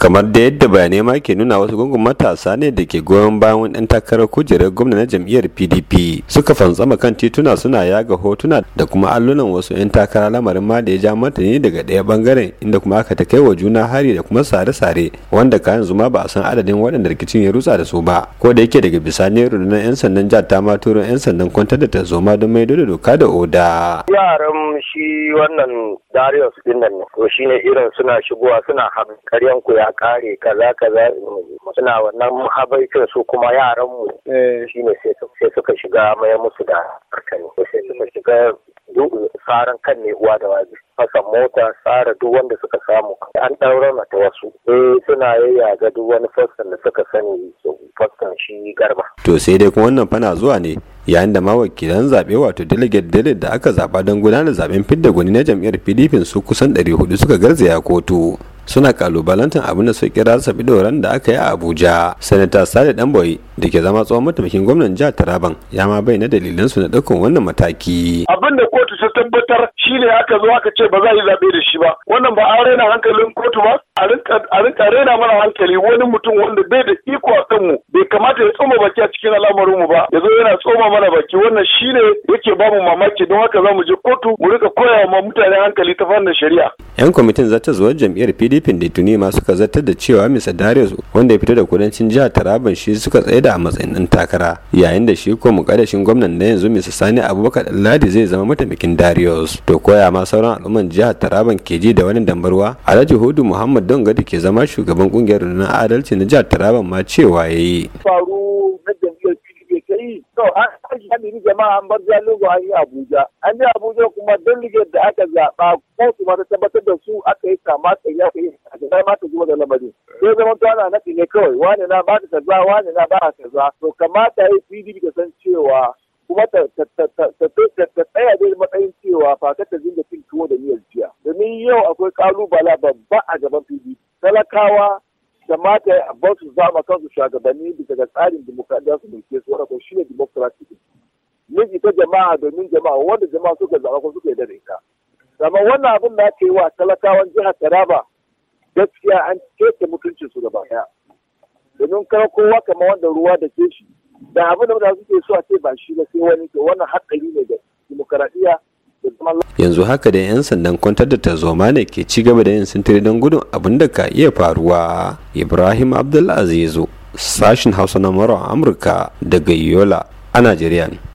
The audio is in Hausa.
kamar da yadda bayanai ma ke nuna wasu gungun matasa ne da ke goyon bayan wani ɗan takarar kujerar gwamna na jam'iyyar pdp suka fantsama kan tituna suna yaga hotuna da kuma allunan wasu 'yan takara lamarin ma da ya ja martani daga ɗaya bangaren inda kuma aka ta kai wa juna hari da kuma sare-sare wanda kayan zuma ma ba a san adadin waɗanda rikicin ya rutsa da su ba ko da yake daga bisani rundunar 'yan sandan jihar ta ma turo 'yan sandan kwantar da zoma don maido da doka da oda. yaran shi wannan darius dinnan to shine irin suna shigowa suna hankaryan kuya kare kaza kaza suna wannan habaicin su kuma yaran mu eh. shine sai suka shiga mayar musu da karkani sai suka shiga tsarin kan ne uwa da waje fasa mota tsara duk wanda suka samu an ɗaura mata wasu eh suna ga duk wani fassan da suka sani fassan shi garba to sai dai kuma wannan fana zuwa ne yayin da mawakilan zaɓe wato delegate delegate da aka zaɓa don gudanar zaɓen fidda gwani na jam'iyyar pdp su kusan 400 suka garzaya kotu suna kalubalantar abin da su kira sabi ran da aka yi a abuja sanata sale danboy da ke zama tsohon mataimakin gwamnan jihar taraban ya ma bayyana dalilan su na ɗaukan wannan mataki abin da kotu ta tabbatar shi ne aka zo aka ce ba za a yi zaɓe da shi ba wannan ba an rena hankalin kotu ba a rinka rena mana hankali wani mutum wanda bai da iko a kanmu bai kamata ya tsoma baki a cikin al'amarinmu ba ya zo yana tsoma mana baki wannan shi shine yake ba mu mamaki don haka za mu je kotu mu rika koyawa ma mutane hankali ta fannin shari'a yan kwamitin zata zuwa jam'iyyar pdp gefen da tuni ma suka zartar da cewa mr darius wanda ya fito da kudancin jihar taraban shi suka tsaye da a matsayin ɗan takara yayin da shi ko mukaddashin gwamnan na yanzu mr sani abubakar ladi zai zama mataimakin darius to koya ma sauran al'umman jihar taraban ke ji da wani dambarwa alhaji hudu muhammad don da ke zama shugaban kungiyar na adalci na jihar taraban ma cewa yayi faru na jam'iyyar pdp yi an shaɗin jama'a an bar jalugo an yi Abuja. An yi Abuja kuma don delegate da aka zaɓa ko su ta tabbatar da su aka yi kama ta yi aka yi a jama'a ma ta zuwa da lamari. Sai zama to ana naɗi ne kawai wani na ba ta kaza wani na ba ta kaza. To kamata ya yi PDP ta san cewa kuma ta tsaya dai matsayin cewa fata ta dinga cin tuwo da miyar jiya. Domin yau akwai kalubala babba a gaban PDP. Talakawa kamata a bar su zama kansu shugabanni bisa ga tsarin dimokuraɗiyya su ke su wanda ko shi ne ita jama'a domin jama'a wanda jama'a suka zaɓa ko suka yarda da ita amma wannan abin da ake yi wa talakawan jihar Taraba gaskiya an keta mutuncin su gaba daya domin kar kowa kamar wanda ruwa da ke shi da abin da suke so a ce ba shi ba sai wani ke wannan hatsari ne ga dimokuraɗiyya yanzu haka da 'yan sandan kwantar da tarzoma ne ke ci gaba da yin sintiri don gudun abin da ka iya faruwa ibrahim abdulazizu sashin hausa na amurka daga yola a najeriya